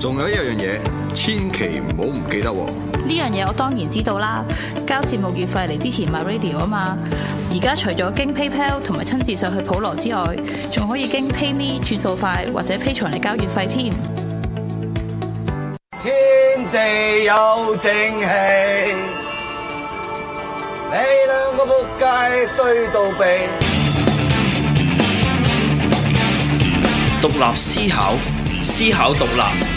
仲有一樣嘢，千祈唔好唔記得喎！呢樣嘢我當然知道啦，交節目月費嚟之前 MyRadio 啊嘛。而家除咗經 PayPal 同埋親自上去普羅之外，仲可以經 PayMe 轉數快或者 Patreon 嚟交月費添。天地有正氣，你兩個撲街衰到痹。獨立思考，思考獨立。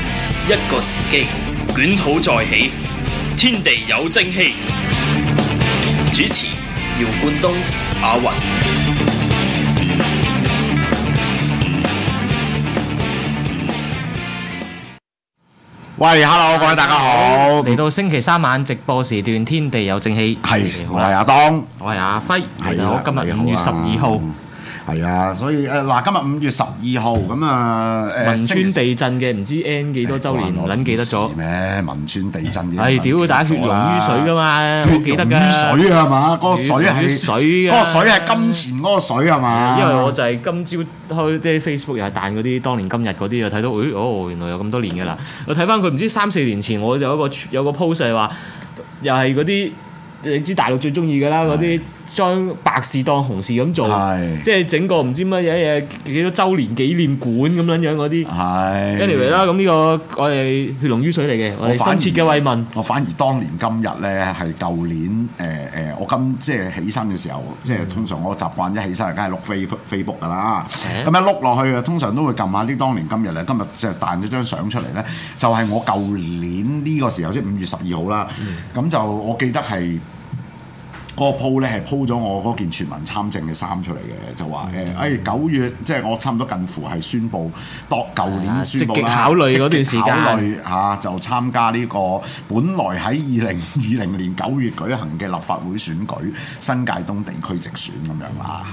一個時機，捲土再起，天地有正氣。主持：姚冠東、阿云。喂，Hello，各位大家好，嚟到星期三晚直播時段，天地有正氣。係，我係阿東、啊，我係阿輝，係我、啊、今日五月十二號。係啊，所以誒嗱、呃，今日五月十二號咁啊，汶、呃、川地震嘅唔知 N 幾多周年，撚記得咗咩？汶川地震啲係、 哎、屌，大家血溶於水噶嘛，血溶於嘛記得噶水啊嘛，嗰個水係水，嗰個水係金錢嗰個水係嘛、啊？因為我就係今朝開啲 Facebook 又係彈嗰啲當年今日嗰啲，又睇到、哎、哦，原來有咁多年嘅啦。我睇翻佢唔知三四年前，我有一個有一個 post 係話，又係嗰啲你知大陸最中意嘅啦嗰啲。的將白事當紅事咁做，是即係整個唔知乜嘢嘢幾多周年紀念館咁撚樣嗰啲。Anyway 啦，咁呢是個我哋血濃於水嚟嘅，我，反我深切嘅慰問我。我反而當年今日咧，係舊年誒誒、呃，我今即係起身嘅時候，即係通常我習慣一起身，梗係碌 Facebook 噶啦。咁一碌落去啊，通常都會撳下啲當年今日咧，今日即就彈咗張相出嚟咧，就係、是、我舊年呢個時候，即係五月十二號啦。咁、嗯、就我記得係。個鋪咧係鋪咗我嗰件全民參政嘅衫出嚟嘅，就話誒誒九月即係、就是、我差唔多近乎係宣布，度舊年宣布啦，積極考慮嗰段時間考慮、啊、就參加呢個本來喺二零二零年九月舉行嘅立法會選舉新界東地區直選咁樣啦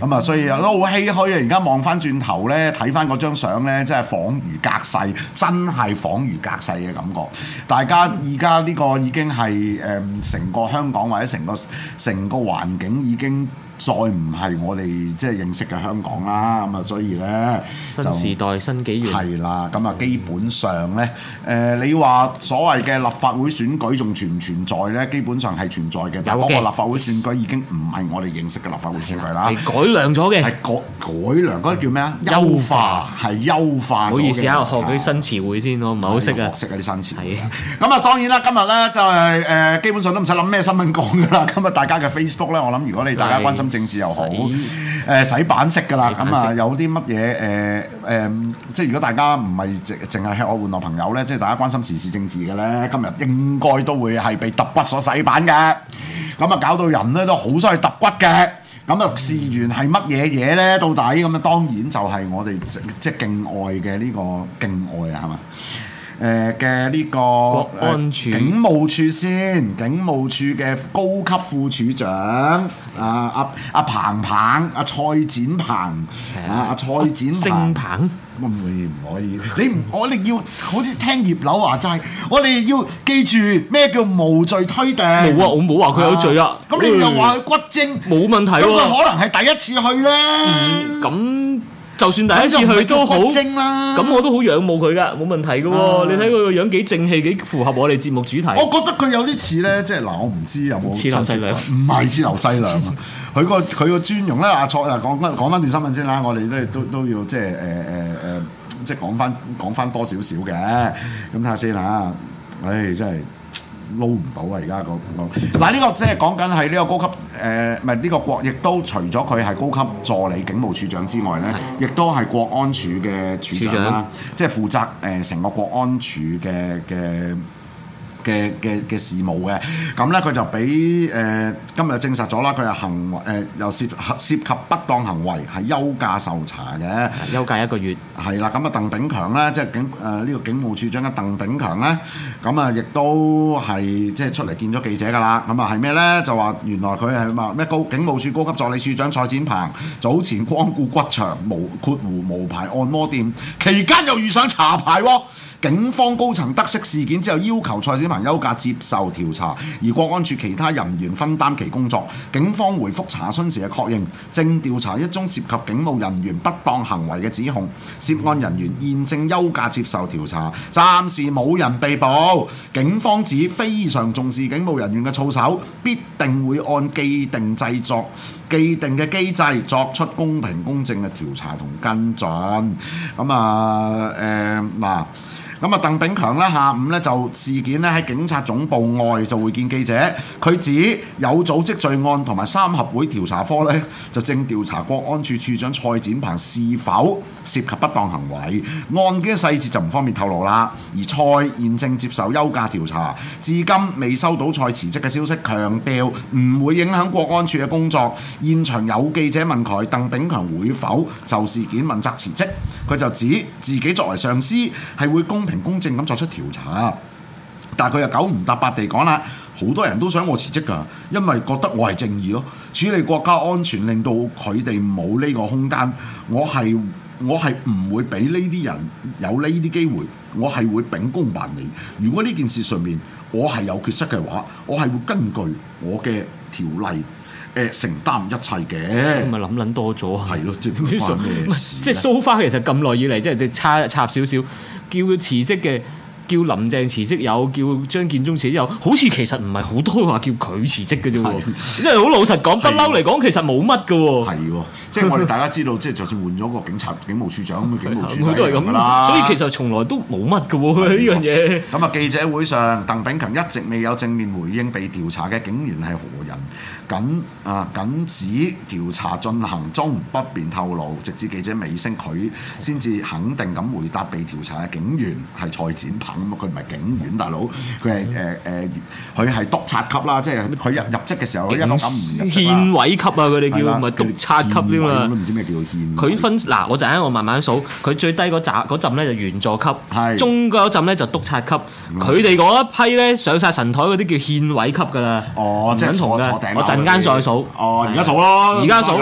嚇，咁啊，啊所以都好唏噓啊！而家望翻轉頭咧，睇翻嗰張相咧，真係恍如隔世，真係恍如隔世嘅感覺。大家而家呢個已經係誒成個香港或者成個。成個環境已經。再唔係我哋即係認識嘅香港啦，咁啊所以咧，新時代新紀元係啦，咁啊基本上咧，誒你話所謂嘅立法會選舉仲存唔存在咧？基本上係存在嘅，但係嗰個立法會選舉已經唔係我哋認識嘅立法會選舉啦，改良咗嘅，係改改良嗰啲叫咩啊？優化係優化。唔好意思，喺度學啲新詞彙先咯，唔係好識啊，識啊啲新詞。咁啊當然啦，今日咧就係誒基本上都唔使諗咩新聞講噶啦。今日大家嘅 Facebook 咧，我諗如果你大家關心，政治又好，誒洗版式噶啦，咁啊有啲乜嘢誒誒，即係如果大家唔係淨淨係吃我玩樂朋友呢，即係大家關心時事政治嘅呢，今日應該都會係被揼骨所洗版嘅，咁啊、嗯、搞到人呢都好想去揼骨嘅，咁啊事緣係乜嘢嘢呢？到底咁啊？當然就係我哋即係境外嘅呢個境外啊，係嘛？誒嘅呢個安處警務處先，警務處嘅高級副處長的啊，阿阿鵬鵬，阿蔡展鵬，的啊蔡展鵬，骨精唔可以，你唔我哋要好似聽葉劉話齋，我哋要記住咩叫無罪推定。冇啊，我冇話佢有罪啊。咁、啊啊、你又話佢骨精，冇問題，啊。咁佢可能係第一次去咧。咁、嗯嗯就算第一次去都好，精啦，咁我都好仰慕佢噶，冇問題嘅喎。嗯、你睇佢個樣幾正氣，幾符合我哋節目主題。我覺得佢有啲似咧，即係嗱，我唔知有冇似劉細良，唔係似劉細良。佢個佢個尊容咧，阿、啊、蔡，啊，講翻講翻段新聞先啦。我哋都都都要即係誒誒誒，即係、呃、講翻講翻多少少嘅。咁睇下先嚇，唉、哎，真係。撈唔到啊！而家個嗱，呢個即係講緊係呢個高級誒，唔係呢個國，亦都除咗佢係高級助理警務處長之外咧，亦都係國安處嘅處長啦，即係負責誒成個國安處嘅嘅。嘅嘅嘅事務嘅，咁呢，佢就俾誒今日證實咗啦，佢係行為誒又涉涉及不當行為，係休假受查嘅，休假一個月。係啦，咁啊，鄧炳強呢，即係警誒呢、呃呢個警務處長嘅鄧炳強呢，咁啊亦都係即係出嚟見咗記者㗎啦。咁啊係咩呢？就話原來佢係嘛咩高警務處高級助理處長蔡展鵬，早前光顧骨場無括弧無牌按摩店，期間又遇上查牌喎、哦。警方高層得悉事件之後，要求蔡展鵬休假接受調查，而國安處其他人員分擔其工作。警方回覆查詢時嘅確認，正調查一宗涉及警務人員不當行為嘅指控，涉案人員現正休假接受調查，暫時冇人被捕。警方指非常重視警務人員嘅操守，必定會按既定製作、既定嘅機制作出公平公正嘅調查同跟進。咁啊，誒、呃、嗱。啊咁啊，鄧炳強咧，下午咧就事件咧喺警察總部外就會見記者，佢指有組織罪案同埋三合會調查科咧就正調查國安處處長蔡展鵬是否涉及不當行為，案件細節就唔方便透露啦。而蔡現正接受休假調查，至今未收到蔡辭職嘅消息，強調唔會影響國安處嘅工作。現場有記者問佢鄧炳強會否就事件問責辭職，佢就指自己作為上司係會公。公平公正咁作出調查，但係佢又九唔搭八地講啦，好多人都想我辭職㗎，因為覺得我係正義囉，處理國家安全令到佢哋冇呢個空間，我係我係唔會俾呢啲人有呢啲機會，我係會秉公辦理。如果呢件事上面我係有缺失嘅話，我係會根據我嘅條例。誒承擔一切嘅，咁咪諗諗多咗啊！係咯，最唔關咩事即係 show 翻，其實咁耐以嚟，即係啲插插少少，叫佢辭職嘅，叫林鄭辭職有，叫張建宗辭職有，好似其實唔係好多話叫佢辭職嘅啫喎。即係好老實講，不嬲嚟講，其實冇乜嘅喎。係喎，即係我哋大家知道，即係的就算換咗個警察，警務處長咁嘅警務處，佢都係咁啦。所以其實從來都冇乜嘅喎呢樣嘢。咁啊，樣 記者會上，鄧炳強一直未有正面回應被調查嘅警員係何人。緊啊！緊止調查進行中，不便透露。直至記者尾聲，佢先至肯定咁回答被調查嘅警員係蔡展鵬，佢唔係警員大佬，佢係誒誒，佢係督察級啦。即係佢入入職嘅時候，一落唔入職憲委級啊，佢哋叫唔係督察級㗎嘛。我都唔知咩叫憲委。佢分嗱，我就喺我慢慢數，佢最低嗰扎嗰陣咧就員佐級，中嗰陣咧就督察級。佢哋嗰一批咧上晒神台嗰啲叫憲委級㗎啦。哦，即係坐坐陣間再數哦，而家是數咯，而家數，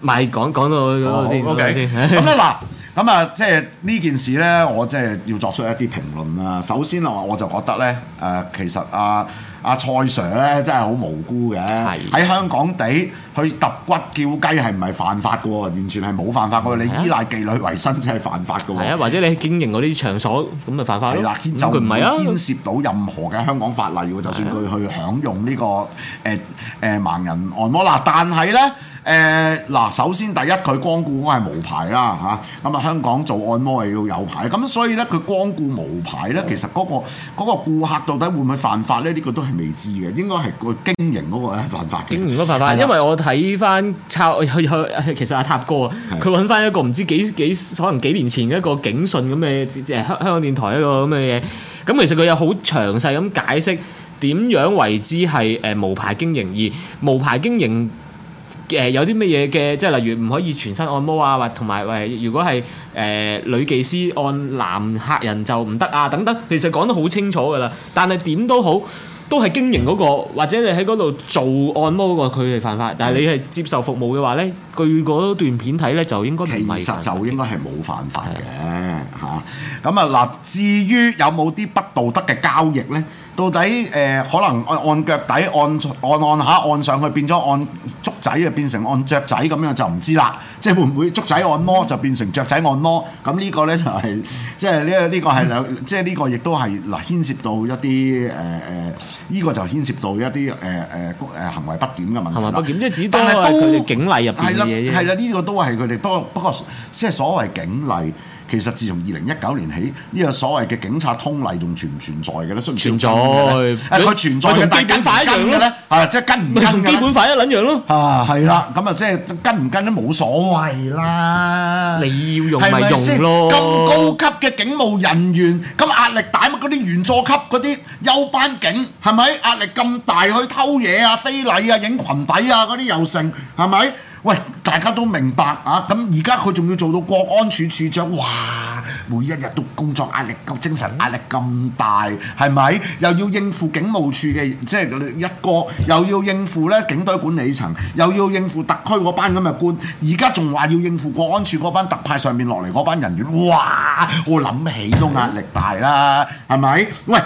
咪講講到嗰度先。O K，咁咧嗱，咁、okay. 啊， 即係呢件事咧，我即係要作出一啲評論啊。首先啊，我就覺得咧，誒，其實啊。阿蔡 Sir 咧，真係好無辜嘅，喺的香港地去揼骨叫雞係唔係犯法嘅喎？完全係冇犯法嘅喎，的你依賴妓女為生真係犯法嘅喎。或者你經營嗰啲場所咁就犯法咯。咁佢唔係牽涉到任何嘅香港法例喎，的就算佢去享用呢、這個誒誒的、呃呃、盲人按摩嗱，但係呢。誒嗱，首先第一佢光顧係無牌啦嚇，咁啊香港做按摩係要有牌，咁所以咧佢光顧無牌咧，其實嗰個嗰個顧客到底會唔會犯法咧？呢個都係未知嘅，應該係個經營嗰個犯法嘅。經營嗰犯法，因為我睇翻抄去去，好其實阿塔哥佢揾翻一個唔知幾幾可能幾年前一個警訊，咁嘅即係香港電台一個咁嘅嘢。咁其實佢有好詳細咁解釋點樣為之係誒無牌經營，而無牌經營。誒有啲乜嘢嘅，即係例如唔可以全身按摩啊，或同埋喂，如果係誒、呃、女技師按男客人就唔得啊等等，其實講得好清楚㗎啦。但係點都好，都係經營嗰、嗰個，或者你喺嗰度做按摩嗰個佢係犯法，但係你係接受服務嘅話咧，據嗰段片睇咧，就應該其實就應該係冇犯法嘅嚇。咁的啊，嗱，至於有冇啲不道德嘅交易咧？到底誒、呃、可能按按腳底按按按下按上去變咗按竹仔啊，變成按雀仔咁樣就唔知啦。即係會唔會竹仔按摩就變成雀仔按摩？咁呢個咧就係即係呢個呢、呢個係兩、呢個、即係呢個亦都係嗱牽涉到一啲誒誒呢個就牽涉到一啲誒誒誒行為不檢嘅問題。行為不檢即係只，但係都警例入邊嘅嘢。係啦，呢個都係佢哋不過不過即係所，所謂警例。其實自從二零一九年起，呢個所謂嘅警察通例仲存唔存在嘅咧？雖然存在，誒佢存在嘅，但係跟唔跟嘅咧？啊，即係跟唔跟？同基本法一撚樣咯。啊，係啦，咁啊，即係跟唔跟都冇所謂啦。你要用咪用咯。咁高級嘅警務人員，咁壓力大乜？嗰啲員佐級嗰啲休班警係咪？壓力咁大去偷嘢啊、非禮啊、影裙底啊嗰啲又成係咪？喂，大家都明白啊！咁而家佢仲要做到國安處處長，哇！每一日都工作壓力咁，精神壓力咁大，係咪？又要應付警務處嘅即係一哥，又要應付咧警隊管理層，又要應付特區嗰班咁嘅官，而家仲話要應付國安處嗰班特派上面落嚟嗰班人員，哇！我諗起都壓力大啦，係咪？喂，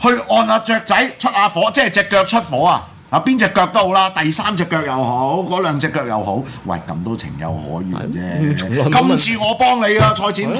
去按下雀仔，出下火，即係隻腳出火啊！啊，邊隻腳都好啦，第三隻腳又好，嗰兩隻腳又好，喂，咁都情有可原啫。 今次我幫你啦，蔡展鵬，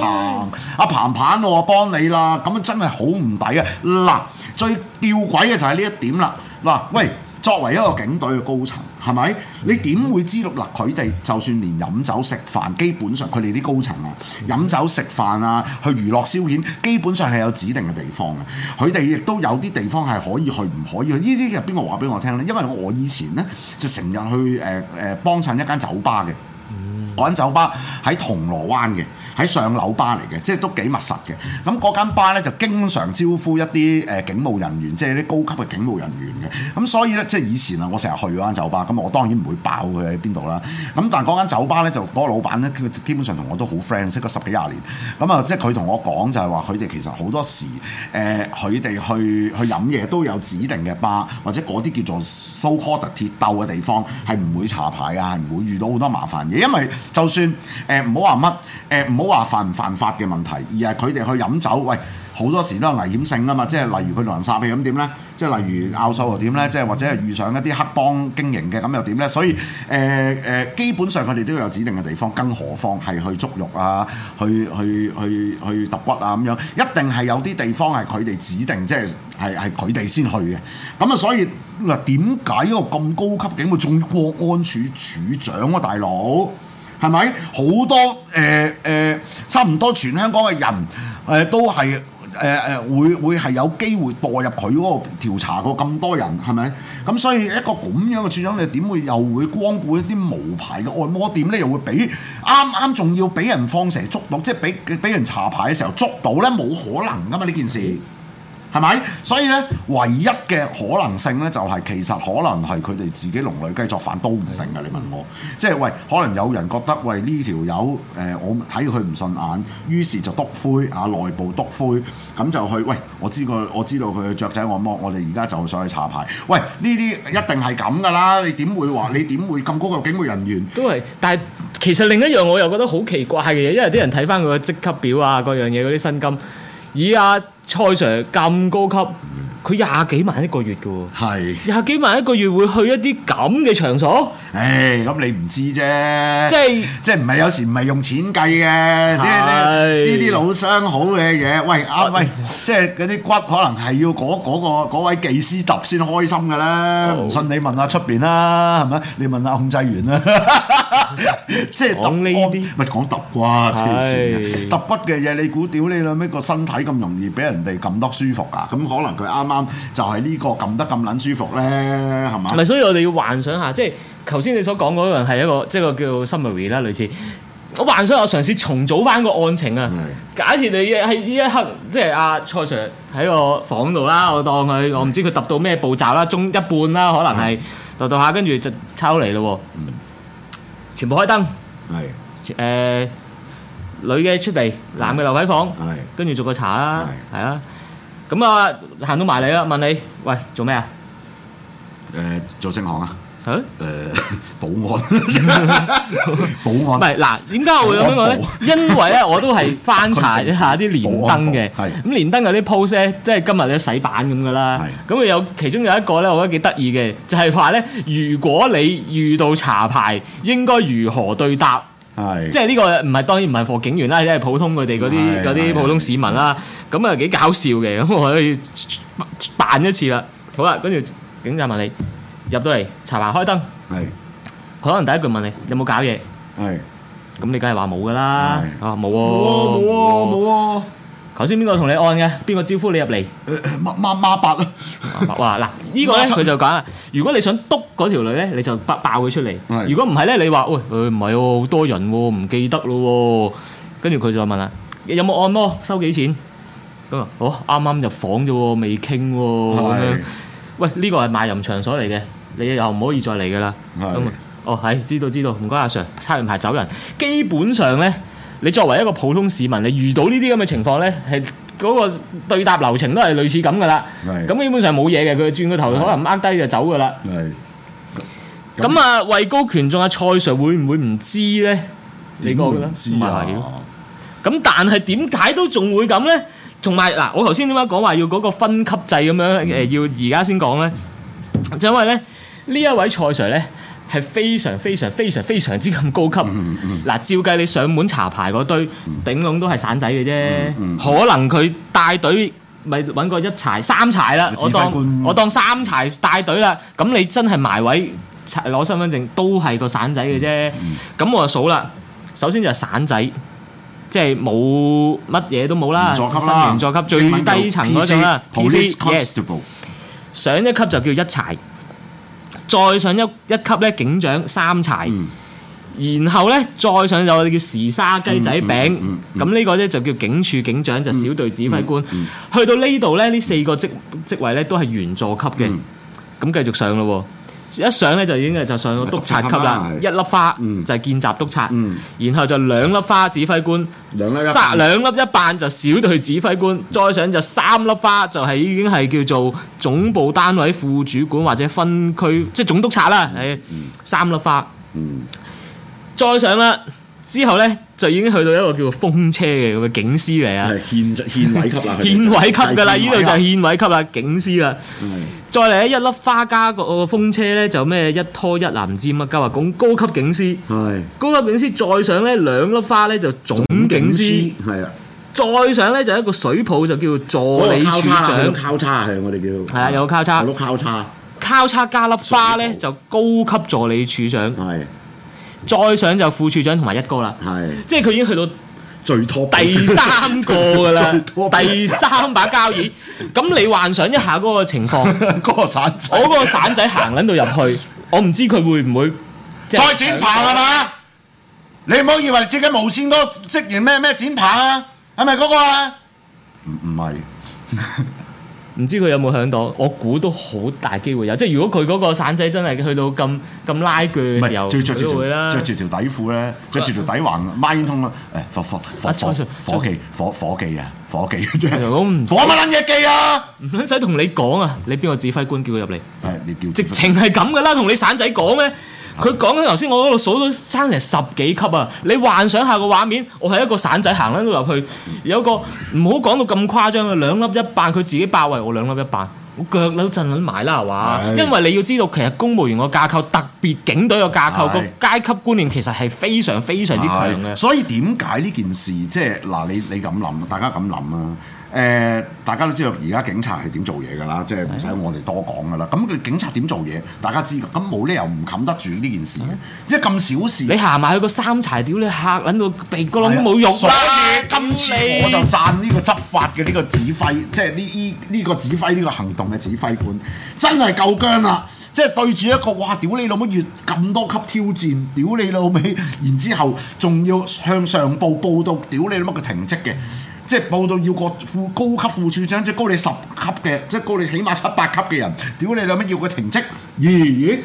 阿鵬鵬我幫你啦，咁樣真係好唔抵嘅。嗱，最吊詭嘅就係呢一點啦。嗱，喂。作為一個警隊嘅高層，係咪？你點會知道？嗱，佢哋就算連飲酒食飯，基本上佢哋啲高層啊，飲酒食飯啊，去娛樂消遣，基本上係有指定嘅地方嘅。佢哋亦都有啲地方係可以去，唔可以去。呢啲係邊個話俾我聽呢？因為我以前呢，就成日去誒誒幫襯一間酒吧嘅，嗰間酒吧喺銅鑼灣嘅。喺上樓巴嚟嘅，即係都幾密實嘅。咁嗰間巴呢，就經常招呼一啲誒警務人員，即係啲高級嘅警務人員嘅。咁所以呢，即係以前啊，我成日去嗰間酒吧，咁我當然唔會爆佢喺邊度啦。咁但係嗰間酒吧呢，就嗰個老闆呢，基本上同我都好 friend，識咗十幾廿年。咁啊，即係佢同我講就係話，佢哋其實好多時誒，佢哋去去飲嘢都有指定嘅巴，或者嗰啲叫做 so-called 鐵竇嘅地方，係唔會查牌啊，唔會遇到好多麻煩嘢，因為就算誒唔好話乜誒唔好話犯唔犯法嘅問題，而係佢哋去飲酒，喂好多時都有危險性啊嘛！即係例如佢攔殺氣咁點呢？即係例如拗手又點呢？即係或者係遇上一啲黑幫經營嘅咁又點呢？所以誒誒、呃，基本上佢哋都有指定嘅地方，更何況係去捉肉啊，去去去去揼骨啊咁樣，一定係有啲地方係佢哋指定，即係係係佢哋先去嘅。咁啊，所以嗱點解呢個咁高級警部仲國安處處長啊，大佬？係咪好多誒誒、呃呃、差唔多全香港嘅人誒、呃、都係誒誒會會係有機會墮入佢嗰個調查過咁多人係咪？咁所以一個咁樣嘅處長，你點會又會光顧一啲無牌嘅按摩店咧？又會俾啱啱仲要俾人放蛇捉到，即係俾俾人查牌嘅時候捉到咧？冇可能㗎嘛呢件事。係咪？所以咧，唯一嘅可能性咧，就係其實可能係佢哋自己籠裡雞作反都唔定嘅。你問我，即係喂，可能有人覺得喂呢條友誒、呃，我睇佢唔順眼，於是就篤灰啊，內部篤灰，咁就去喂，我知佢，我知道佢雀仔按摩，我哋而家就上去查牌。喂，呢啲一定係咁㗎啦，你點會話？你點會咁高嘅警務人員都係？但係其實另一樣我又覺得好奇怪嘅嘢，因為啲人睇返佢嘅職級表啊，各樣嘢嗰啲薪金。以阿蔡 sir 咁高級。佢廿幾萬一個月㗎喎，係廿幾萬一個月會去一啲咁嘅場所？誒，咁你唔知啫，即係即係唔係有時唔係用錢計嘅，呢啲呢啲老相好嘅嘢。喂，啱喂，即係嗰啲骨可能係要嗰嗰個嗰位技師揼先開心㗎啦。唔信你問下出面啦，係咪？你問下控制員啦，即係講呢啲咪講揼啩，黐線嘅，揼骨嘅嘢，你估屌你啦咩？個身體咁容易俾人哋咁多舒服啊？咁可能佢啱。就係呢個撳得咁撚舒服咧，係嘛？唔係，所以我哋要幻想下，即係頭先你所講嗰樣係一個，即係個叫 summary 啦，類似。我幻想我嘗試重組翻個案情啊。的假設你喺呢一刻，即係阿蔡 sir 喺個房度啦，我當佢，的我唔知佢揼到咩步驟啦，中一半啦，可能係揼到下，跟住的就抽嚟咯。嗯。全部開燈。係的。誒、呃，女嘅出嚟，男嘅留喺房。的的跟住做個茶啦，係啊的。的咁啊，行到埋嚟啦，問你，喂，做咩啊？誒、呃，做星行啊？誒、啊呃？保安。 保安。唔係嗱，點解我會咁樣講咧？因為咧，我都係翻查一下啲連登嘅，咁連登有啲 post 咧，即係今日咧，洗版咁噶啦。咁啊有，其中有一個咧，我覺得幾得意嘅，就係話咧，如果你遇到查牌，應該如何對答？係，即係呢個唔係當然唔係防警員啦，即係普通佢哋嗰啲嗰啲普通市民啦，咁啊幾搞笑嘅，咁我可以扮一次啦。好啦，跟住警察問你入到嚟，查辦開燈，係，可能第一句問你有冇搞嘢，係，咁你梗係話冇噶啦，啊冇喎，冇喎，冇喎。頭先邊個同你按嘅？邊個招呼你入嚟？媽媽媽八啦！ 哇，嗱、這個，呢個咧佢就講啊，如果你想篤嗰條女咧，你就爆佢出嚟。如果唔係咧，你話，誒唔係，好、欸啊、多人唔、啊、記得咯、啊。跟住佢就問啊，有冇按摩？收幾錢？咁、嗯、啊，哦，啱啱入房啫，未傾喎。喂，呢個係賣淫場所嚟嘅，你又唔可以再嚟噶啦。咁啊是的、嗯，哦，係知道知道，唔該阿 Sir，拆完牌走人。基本上咧。你作為一個普通市民，你遇到呢啲咁嘅情況咧，係嗰個對答流程都係類似咁噶啦。咁 Right. 基本上冇嘢嘅，佢轉個頭可能呃低就走噶啦。咁啊，位高權重啊，蔡 sir 會唔會唔知咧？你覺得？點解唔知啊？咁、啊、但係點解都仲會咁咧？同埋嗱，我頭先點解講話要嗰個分級制咁樣誒、mm. 呃？要而家先講咧，就、因為咧呢一位蔡 sir 咧。係非常非常非常非常之咁高級。嗱，照計你上門查牌嗰堆，頂籠都係散仔嘅啫。可能佢帶隊咪揾個一柴三柴啦。我當我當三柴帶隊啦。咁你真係埋位攞身份證都係個散仔嘅啫。咁我就數啦。首先就係散仔，即係冇乜嘢都冇啦。新員佐級最低層嗰種啦。上一級就叫一柴。再上一一級咧，警長三柴，嗯、然後咧再上就我哋叫時沙雞仔餅，咁呢、嗯嗯嗯、個咧就叫警署警長，就小隊指揮官，嗯嗯嗯、去到呢度咧，呢四個職職位咧都係員佐級嘅，咁、嗯、繼續上咯、哦。一上咧就已經係就上到督察級啦，一,啊、一粒花就係見習督察，嗯、然後就兩粒花指揮官，殺兩粒一瓣就小隊指揮官，再上就三粒花就係已經係叫做總部單位副主管或者分區、嗯、即總督察啦，誒，嗯、三粒花，嗯、再上啦。之後咧就已經去到一個叫做風車嘅咁嘅警司嚟啊，係憲憲委級啦，憲委 級噶啦，呢度就係憲委級啦，警司啦。的再嚟一粒花加個個風車咧，就咩一拖一藍知乜。加話講高級警司，係的高級警司再上咧兩粒花咧就總警司，係啊，再上咧就一個水泡就叫做助理處長交叉係我哋叫係啊，有交叉有個交叉交叉加粒花咧泡就高級助理處長係。的再上就副處長同埋一哥啦，係的，即係佢已經去到最拖第三個㗎啦，最最第三把交椅。咁 你幻想一下嗰個情況，嗰 個散山仔，嗰個散仔行緊度入去， 我唔知佢會唔會再剪棚啊嘛？ 你唔好以為自己無線個職員咩咩剪棚啊，係咪嗰個啊？唔唔係。 唔知佢有冇響到？我估都好大機會有。即係如果佢嗰個散仔真係去到咁咁拉鋸嘅時候，會啦，著住條底褲咧，着住條底橫，孖煙通啦，誒，火火火火火火火啊，火器，即係火乜撚嘢器啊？唔撚使同你講啊！你邊個指揮官叫佢入嚟？係、啊、你叫直情係咁噶啦，同你散仔講咩？佢講緊頭先，我嗰度數到差唔多十幾級啊！你幻想下個畫面，我係一個散仔行撚到入去，有個唔好講到咁誇張嘅兩粒一棒，佢自己包圍我兩粒一棒，我腳都震緊埋啦，係嘛？是因為你要知道，其實公務員個架構，特別警隊個架構是個階級觀念其實係非常非常之強嘅。所以點解呢件事即係嗱？你你咁諗，大家咁諗啊！誒、呃，大家都知道而家警察係點做嘢㗎啦，嗯、即係唔使我哋多講㗎啦。咁佢、嗯、警察點做嘢，大家知道。咁冇理由唔冚得住呢件事、嗯、即係咁小事。你行埋去個三柴屌你嚇，撚到鼻哥窿都冇用啦！今次我就讚呢個執法嘅呢個指揮，即係呢呢呢個指揮呢、呢個行動嘅指揮官，真係夠薑啦！即係對住一個哇，屌你老母越咁多級挑戰，屌你老味，然之後仲要向上報報到，屌你老味嘅停職嘅。即係報到要個副高級副處長，即係高你十級嘅，即係高你起碼七八級嘅人，屌你老母要佢停職，咦、欸、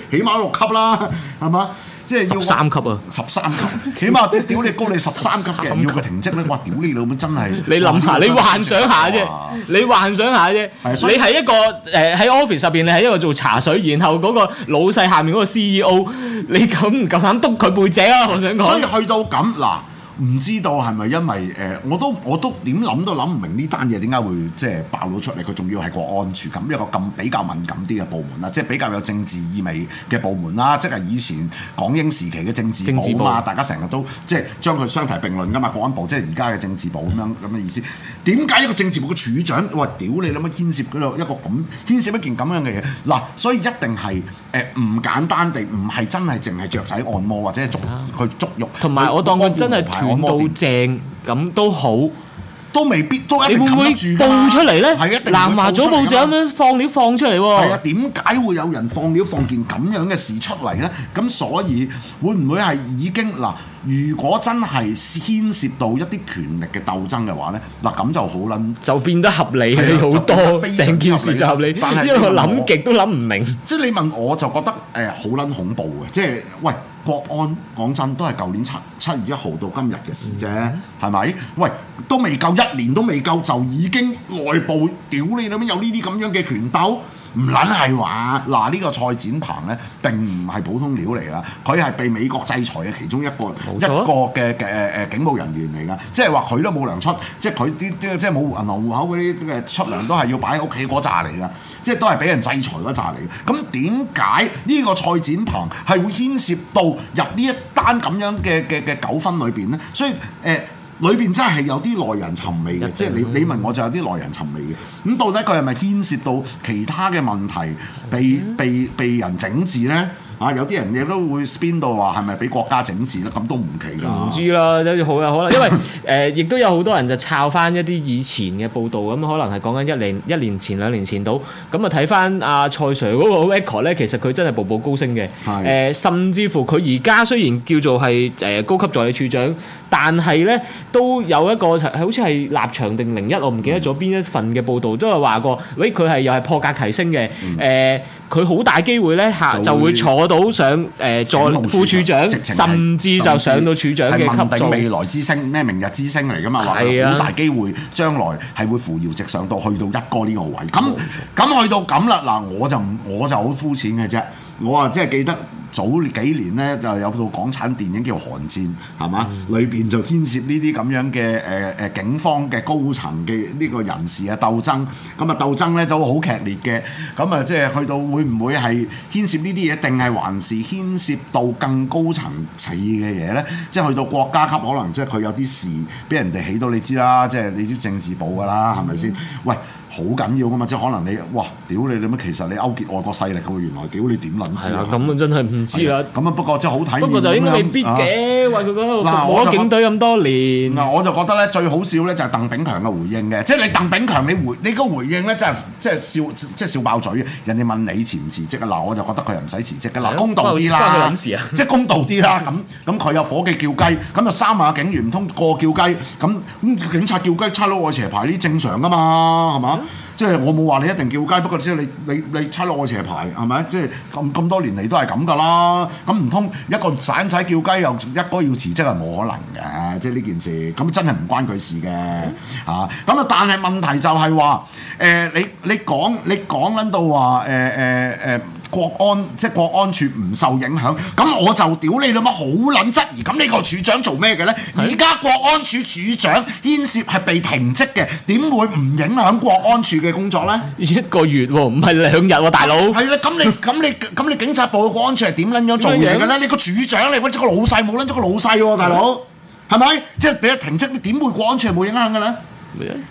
咦，起碼六級啦，係嘛？即係要三級啊，十三級，起碼即係屌你高你十三級嘅要佢停職咧，我話屌你老母真係，你諗下，你幻想下啫，啊、你幻想下啫，你係一個誒喺 office 入邊，你係一個做茶水，然後嗰個老細下面嗰個 CEO，你敢唔夠膽督佢背脊啊？我想講，所以去到咁嗱。唔知道係咪因為誒，我都我都點諗都諗唔明呢單嘢點解會即係爆到出嚟？佢仲要係國安處咁，一個咁比較敏感啲嘅部門啦，即係比較有政治意味嘅部門啦，即係以前港英時期嘅政治部，政治部啊，大家成日都即係將佢相提並論㗎嘛，國安部即係而家嘅政治部咁樣咁嘅意思。點解一個政治部嘅處長，我話屌你諗乜牽涉嗰一個咁牽涉一件咁樣嘅嘢？嗱，所以一定係。誒唔、呃、簡單地，唔係真係淨係雀仔按摩或者係捉去捉肉，同埋我當佢真係斷到正咁、嗯、都好。都未必都一定扣得住噶，報出嚟咧，南華早報就咁樣放料放出嚟喎。係啊，點解會有人放料放件咁樣嘅事出嚟咧？咁所以會唔會係已經嗱？如果真係牽涉到一啲權力嘅鬥爭嘅話咧，嗱咁就好撚，就變得合理好多，成件事就合理。因為我諗極都諗唔明。即係你問我就覺得誒好撚恐怖嘅，即係喂。國安講真都係舊年七七月一號到今日嘅事啫，係咪、mm hmm.？喂，都未夠一年，都未夠就已經內部屌你，點樣有呢啲咁樣嘅權鬥？唔撚係話，嗱呢個蔡展鵬咧並唔係普通料嚟噶，佢係被美國制裁嘅其中一個冇錯一個嘅嘅誒誒警務人員嚟噶，即係話佢都冇糧出，即係佢啲即係冇銀行戶口嗰啲嘅出糧都係要擺喺屋企嗰扎嚟噶，即係都係俾人制裁嗰扎嚟。咁點解呢個蔡展鵬係會牽涉到入呢一單咁樣嘅嘅嘅糾紛裏邊咧？所以誒。呃裏面真係有啲耐人尋味嘅，即係你你問我就有啲耐人尋味嘅。咁到底佢係咪牽涉到其他嘅問題被，嗯、被被被人整治呢？啊！有啲人亦都會 spin 到話係咪俾國家整治咧？咁都唔奇㗎。唔知啦，有好有可能，因為誒亦、 呃、都有好多人就抄翻一啲以前嘅報道，咁、嗯、可能係講緊一年，一年前兩年前到。咁啊睇翻阿蔡 Sir 嗰個 record 咧，其實佢真係步步高升嘅。誒是、呃，甚至乎佢而家雖然叫做係誒高級助理處長，但係咧都有一個好似係立場定零一，我唔記得咗邊一份嘅報道、嗯、都係話過，喂佢係又係破格提升嘅誒。呃嗯佢好大機會咧，早下就會坐到上誒、呃、副處長，直情甚至就上到處長嘅級數。係問定未來之星，咩明日之星嚟㗎嘛？話好大機會，將來係會扶搖直上到去到一哥呢個位。咁咁的去到咁啦，嗱，我就我就好膚淺嘅啫，我啊即係記得。早幾年咧就有套港產電影叫《寒戰》，係嘛？裏邊、嗯、就牽涉呢啲咁樣嘅誒誒警方嘅高層嘅呢個人士啊鬥爭，咁啊鬥爭咧就會好劇烈嘅。咁啊，即係去到會唔會係牽涉呢啲嘢，定係還是牽涉到更高層次嘅嘢咧？即係去到國家級，可能即係佢有啲事俾人哋起到，你知啦，即係你啲政治部㗎啦，係咪先？吧嗯、喂！好緊要噶嘛？即係可能你，哇！屌你你乜？其實你勾結外國勢力噶喎！原來，屌你點撚事啊？係咁啊真係唔知啦、啊。咁啊不過即係好睇面不過就應該未必嘅，話佢嗰度攞警隊咁多年。嗱我就覺得咧、啊，最好笑咧就係鄧炳強嘅回應嘅，即係你鄧炳強你回你個回應咧真係即係笑即係笑爆嘴。人哋問你辭唔辭職啊？嗱我就覺得佢又唔使辭職嘅嗱，公道啲啦，啊啊、即係公道啲啦。咁咁佢有夥計叫雞，咁啊三萬警員唔通過叫雞，咁咁警察叫雞，差佬外斜排呢正常噶嘛？係嘛？即係我冇話你一定叫雞，不過即係你你你踩落我斜排係咪？即係咁咁多年嚟都係咁㗎啦。咁唔通一個散仔叫雞又一個要辭職係冇可能嘅。即係呢件事咁真係唔關佢事嘅嚇。咁、嗯、啊，但係問題就係話誒，你你講你講緊到話誒誒誒。呃呃呃國安即係國安處唔受影響，咁我就屌你老母好撚質疑，咁你個處長做咩嘅咧？而家國安處處長牽涉係被停職嘅，點會唔影響國安處嘅工作咧？一個月喎、哦，唔係兩日喎，大佬。係啦， 咁你咁你咁你,你,你警察部嘅國安處係點捻樣做嘢嘅咧？你個處長你揾咗個老細，冇捻咗個老細喎、啊，大佬，係咪？ 即係俾佢停職，你點會國安處係冇影響嘅咧？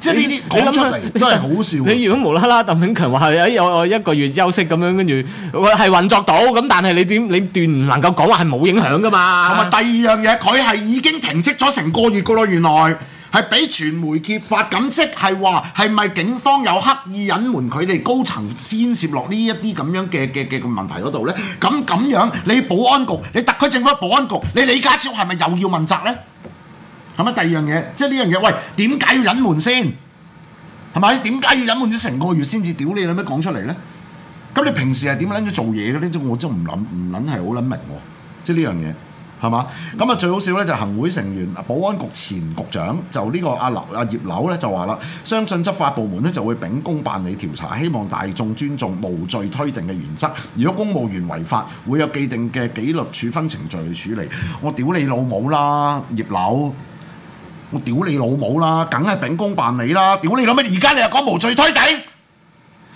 即係呢啲講出嚟都係好笑。你如果無啦啦，鄧炳強話係誒，我一個月休息咁樣，跟住係運作到咁，但係你點？你斷唔能夠講話係冇影響噶嘛？同埋第二樣嘢，佢係已經停職咗成個月噶咯，原來係俾傳媒揭發咁，即係話係咪警方有刻意隱瞞佢哋高層先涉落呢一啲咁樣嘅嘅嘅問題嗰度咧？咁咁樣，你保安局，你特區政府保安局，你李家超係咪又要問責咧？係咪第二樣嘢？即係呢樣嘢，喂，點解要隱瞞先？係咪？點解要隱瞞咗成個月先至屌你？有咩講出嚟咧？咁你平時係點諗住做嘢嘅？呢種我真唔諗唔諗係好諗明喎。即係呢樣嘢係嘛？咁啊最好笑咧就行會成員、保安局前局長就呢個阿、啊、劉阿、啊、葉劉咧就話啦，相信執法部門咧就會秉公辦理調查，希望大眾尊重無罪推定嘅原則。如果公務員違法，會有既定嘅紀律處分程序去處理。我屌你老母啦，葉劉！我屌你老母啦，梗係秉公辦理啦！屌你老母！而家你又講無罪推定？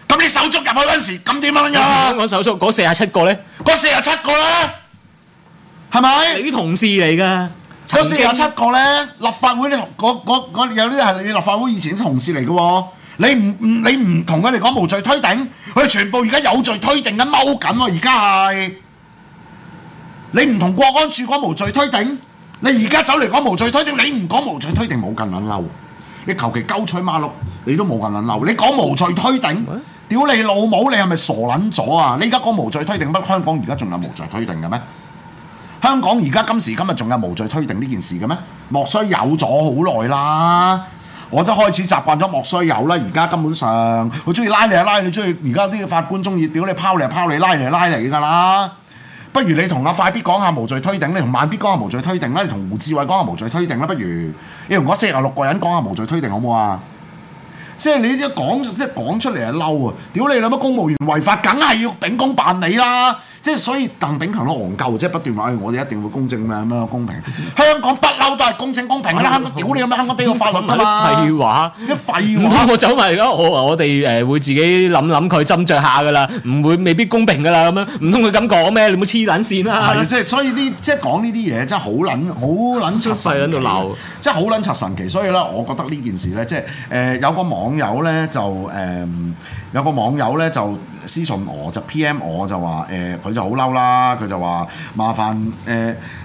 咁你手足入去嗰時，咁點樣㗎？我手足嗰四十七個咧，嗰四十七個咧，係咪？你啲同事嚟㗎。嗰四十七個咧，立法會嗰嗰嗰有啲係你立法會以前啲同事嚟㗎喎。你唔你唔同佢哋講無罪推定，佢哋全部而家有罪推定緊踎緊喎。而家係你唔同國安處講無罪推定？你而家走嚟講無罪推定，你唔講無罪推定冇咁撚嬲。你求其鳩吹馬六，你都冇咁撚嬲。你講無罪推定，屌你老母！你係咪傻撚咗啊？你而家講無罪推定乜？香港而家仲有無罪推定嘅咩？香港而家今時今日仲有無罪推定呢件事嘅咩？莫須有咗好耐啦，我真係開始習慣咗莫須有啦。而家根本上佢中意拉你啊，拉你，中意而家啲法官中意屌你拋你拋你拉你拉你而家啦。不如你同阿快必講下無罪推定，你同慢必講下無罪推定啦，你同胡志偉講下無罪推定啦，不如你同嗰四廿六個人講下無罪推定好唔好啊？即係你呢啲講，即係講出嚟係嬲啊！屌你老母，公務員違法梗係要秉公辦理啦！即係所以，鄧炳強都戇鳩，即係不斷話：我哋一定會公正，咩咁樣公平？香港不嬲都係公正公平，哈哈哈哈，香港屌你啊！香港地有法律噶嘛？一廢話，啲廢話。唔通我走埋㗎？我哋誒會自己諗諗，佢斟酌下㗎啦，唔會未必公平㗎啦咁樣。唔通佢咁講咩？你冇黐撚線啦！係即係所以啲即係講呢啲嘢，真係好撚呵好撚出神，喺度鬧，即係好撚神神奇。所以咧，我覺得呢件事咧，即係誒有個網友咧就誒、呃、有個網友咧就。私信我就 PM 我就話：欸「誒，佢就好嬲啦，佢就話：「麻煩誒。欸」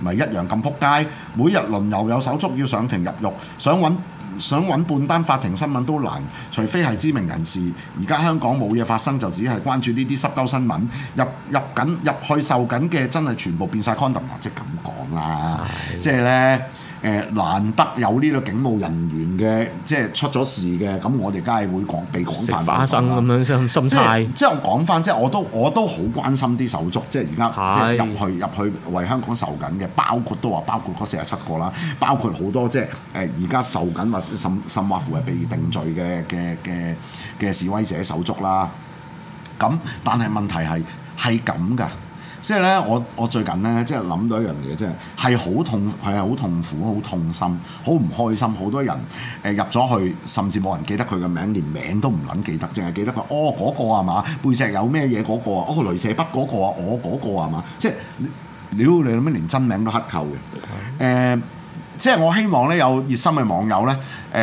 咪一樣咁撲街，每日輪流有手足要上庭入獄，想揾想揾半單法庭新聞都難，除非係知名人士。而家香港冇嘢發生，就只係關注呢啲濕鳩新聞，入入緊入去受緊嘅真係全部變晒 condom，即係咁講啦，即係呢。誒難得有呢個警務人員嘅，即係出咗事嘅，咁我哋梗係會講被講埋，食花生咁樣心心態。即係即係我講翻，即係我，我都我都好關心啲手足，即係而家即係入去入去為香港受緊嘅，包括都話包括嗰四十七個啦，包括好多即係誒而家受緊或甚甚至乎係被定罪嘅嘅嘅嘅示威者手足啦。咁但係問題係係咁㗎。即係咧，我我最近咧，即係諗到一樣嘢，即係係好痛，係好痛苦，好痛心，好唔開心。好多人誒入咗去，甚至冇人記得佢嘅名，連名都唔撚記得，淨係記得佢哦嗰個係嘛，背脊有咩嘢嗰個啊，哦個雷射筆嗰個啊，我嗰個係嘛？即係屌你諗咩，連真名都黑扣嘅。誒 Okay.、呃，即係我希望咧，有熱心嘅網友咧，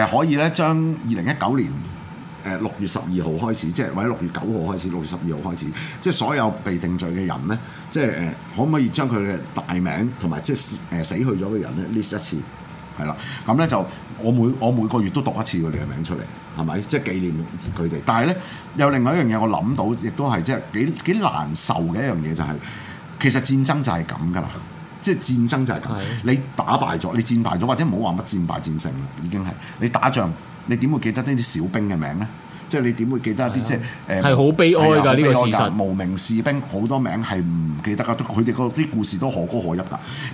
誒可以咧將二零一九年誒六月十二號開始，即係或者六月九號開始，六月十二號開始，即係所有被定罪嘅人咧。即係誒，可唔可以將佢嘅大名同埋即係誒死去咗嘅人咧 list 一次，係啦。咁咧就我每我每個月都讀一次佢哋嘅名出嚟，係咪？即係紀念佢哋。但係咧，有另外一樣嘢我諗到，亦都係即係幾幾難受嘅一樣嘢，就係，就係其實戰爭就係咁㗎啦。即係戰爭就係咁，係。你打敗咗，你戰敗咗，或者冇話乜戰敗戰勝啦，已經係你打仗，你點會記得呢啲小兵嘅名咧？即係你點會記得一啲即係誒？係好、啊呃、悲哀㗎，呢個事實、啊、無名士兵好多名係唔記得㗎，佢哋嗰啲故事都可歌可泣㗎。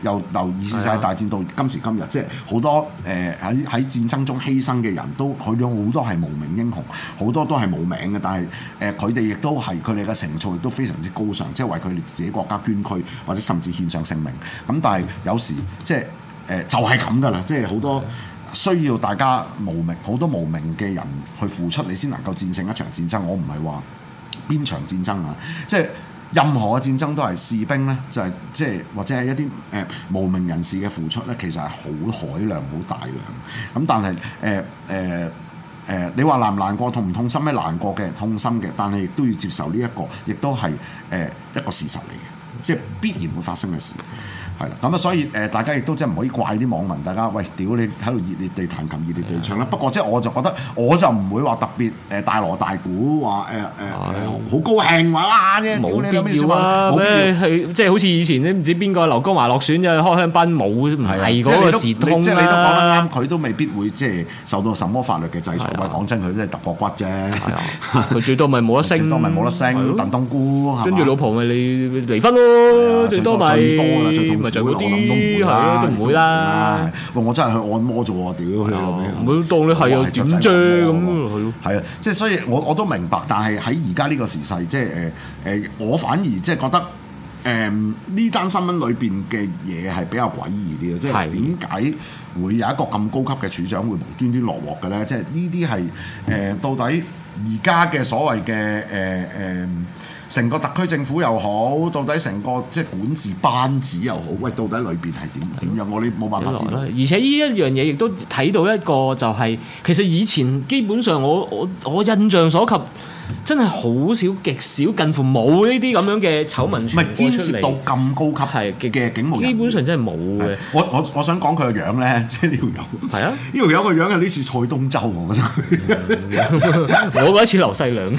由第二次世界大戰到今時今日，啊、即係好多誒喺喺戰爭中犧牲嘅人都，佢哋好多係無名英雄，好多都係無名嘅。但係誒，佢哋亦都係佢哋嘅成就都非常之高尚，即係為佢哋自己國家捐軀或者甚至獻上性命。咁但係有時即係誒就係咁㗎啦，即係好、呃就是、多。的需要大家無名好多無名嘅人去付出，你先能夠戰勝一場戰爭。我唔係話邊場戰爭啊，即係任何嘅戰爭都係士兵呢，就係、是、即係或者係一啲誒、呃、無名人士嘅付出呢，其實係好海量、好大量。咁但係誒誒誒，你話難唔難過、痛唔痛心咧？難過嘅、痛心嘅，但係亦都要接受呢、這、一個，亦都係誒、呃、一個事實嚟嘅，即係必然會發生嘅事。咁啊，所以誒，大家亦都即係唔可以怪啲網民。大家喂，屌你喺度熱烈地彈琴、熱烈地唱啦。不過即係我就覺得，我就唔會話特別誒大鑼大鼓話誒誒好高興哇！冇必要啊，冇必要。即係好似以前咧，唔知邊個劉江華落選就開香檳舞啫。唔係嗰個時通，即你都講得啱，佢都未必會即係受到什麼法律嘅制裁。喂，講真，佢都係揼個骨啫。佢最多咪冇得升，最多咪冇得升，燉冬菇。跟住老婆咪你離婚咯。最多咪。就嗰啲係啊，都唔會啦。喂，我真係去按摩啫喎，屌！唔會當你係又點啫咁？係咯，係啊，即係所以我，我我都明白。但係喺而家呢個時勢，即係誒誒，我反而即係覺得誒呢單新聞裏邊嘅嘢係比較詭異啲嘅。即係點解會有一個咁高級嘅處長會無端端落鑊嘅咧？即係呢啲係誒到底而家嘅所謂嘅誒誒。嗯嗯成個特區政府又好，到底成個即係管治班子又好，喂，到底裏邊係點點樣？我哋冇辦法知道。而且呢一樣嘢亦都睇到一個就係、是，其實以前基本上我我我印象所及。真係好少，極少，近乎冇呢啲咁樣嘅醜聞傳播出嚟牽涉到咁高級嘅警務人員，基本上真係冇嘅。我我我想講佢個樣咧，即係呢條友。係啊，呢條友個樣嘅，呢似蔡東洲。我覺得。我覺得似劉細良，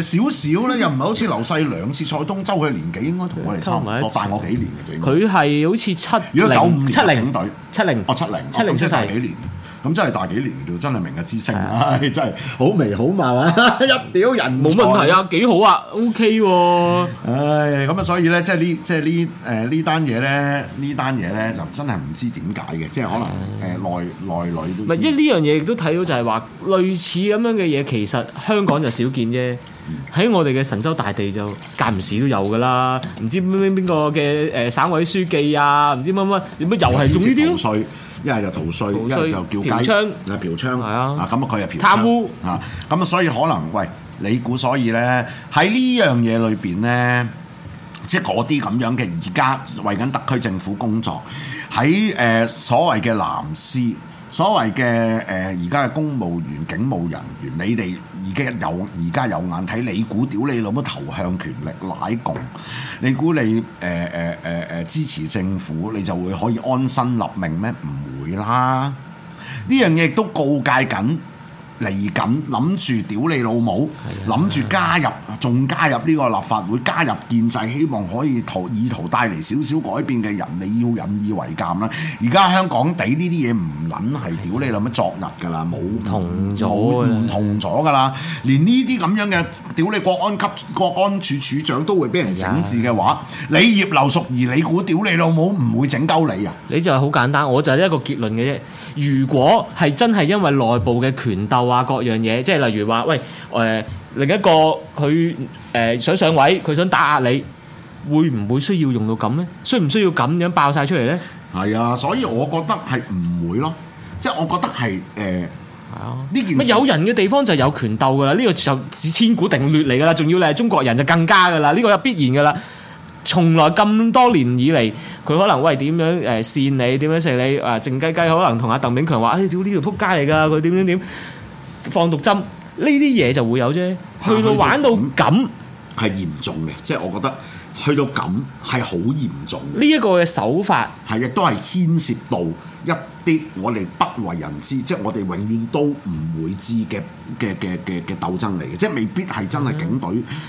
誒少少咧，又唔係好似劉細良似蔡東洲嘅年紀應該同我哋差唔多，大我幾年佢係好似七零，七零隊，七零，哦七零，七零七零幾年。咁真係大幾年做，真係明日之星啊！真係好眉好貌啊，一表人才冇問題啊，幾好啊，OK 喎、啊！唉，咁啊，所以咧，即係呢，即係、呃、呢，誒呢單嘢咧，呢單嘢咧，就真係唔知點解嘅，即係可能誒、啊呃、內內裏都唔係，即係呢樣嘢亦都睇到就係話，類似咁樣嘅嘢，其實香港就少見啫。喺我哋嘅神州大地就間唔時都有噶啦，唔知邊邊個嘅誒省委書記啊，唔知乜乜，乜又係中招。一係就逃稅，一係就叫街嫖娼昌啊，啊嫖娼，污啊，咁啊佢又嫖娼啊，咁啊所以可能喂，你估所以咧喺呢，裡面呢、就是、樣嘢裏邊咧，即係嗰啲咁樣嘅而家為緊特區政府工作喺誒、呃、所謂嘅藍絲。所謂嘅誒而家嘅公務員、警務人員，你哋而家有而家有眼睇，你估屌你老母投向權力奶共，你估你誒誒誒誒支持政府，你就會可以安身立命咩？唔會啦！呢樣嘢亦都告誡緊。嚟緊諗住屌你老母，諗住是的 加入，仲加入呢個立法會，加入建制，希望可以圖意圖帶嚟少少改變嘅人，你要引以為鑑啦。而家香港地呢啲嘢唔撚係屌你老母昨日㗎啦，冇冇唔同咗㗎啦，連呢啲咁樣嘅。屌你國安級國安處處長都會俾人整治嘅話，你葉劉淑儀，你估屌你老母唔會整鳩你啊？你就係好簡單，我就係一個結論嘅啫。如果係真係因為內部嘅權鬥啊，各樣嘢，即係例如話，喂，誒，另一個佢誒想上位，佢想打壓你，會唔會需要用到咁呢？需唔需要咁樣爆曬出嚟呢？係啊，所以我覺得係唔會咯，即係我覺得係誒。係啊，乜有人嘅地方就有權鬥噶啦，呢、這個就係千古定律嚟噶啦，仲要你係中國人就更加噶啦，呢、這個有必然噶啦。從來咁多年以嚟，佢可能喂點樣誒扇你，點樣射你啊，靜雞雞可能同阿鄧炳強話誒，屌呢條撲街嚟噶，佢點點點放毒針呢啲嘢就會有啫。去、啊、到玩到咁係嚴重嘅，即係我覺得去到咁係好嚴重。呢一個嘅手法係啊，都係牽涉到一。啲我哋不為人知，即係我哋永遠都唔會知嘅嘅嘅嘅嘅鬥爭嚟嘅，即係未必係真係警隊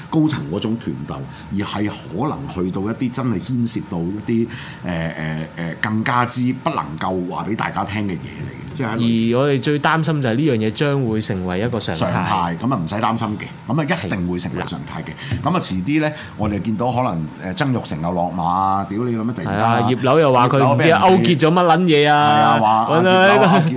高層嗰種權鬥，而係可能去到一啲真係牽涉到一啲誒誒誒更加之不能夠話俾大家聽嘅嘢嚟嘅。即係而我哋最擔心就係呢樣嘢將會成為一個常態，常態，咁啊唔使擔心嘅，咁啊一定會成為常態嘅。咁啊的遲啲咧，我哋見到可能誒曾鈺成又落馬，屌你咁乜突然間葉劉又話佢唔知勾結咗乜撚嘢啊？揾到一個結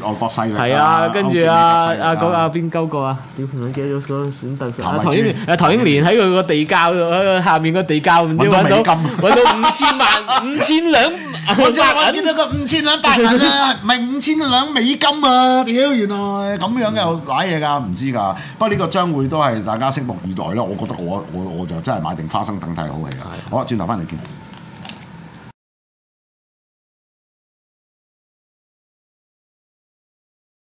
外國勢力㗎，係啊，跟住啊，阿個阿邊鳩個啊，屌！唔記得咗嗰選特首，啊，唐英，啊，唐英年喺佢個地窖下面個地窖屌揾到美金，揾到五千萬，五千兩，我真係見到個五千兩百萬啊？唔係五千兩美金啊！屌，原來咁樣又攋嘢㗎，唔知㗎。不過呢個將會都係大家拭目以待咯。我覺得我我我就真係買定花生等睇好戲啊！好啊，轉頭翻嚟見。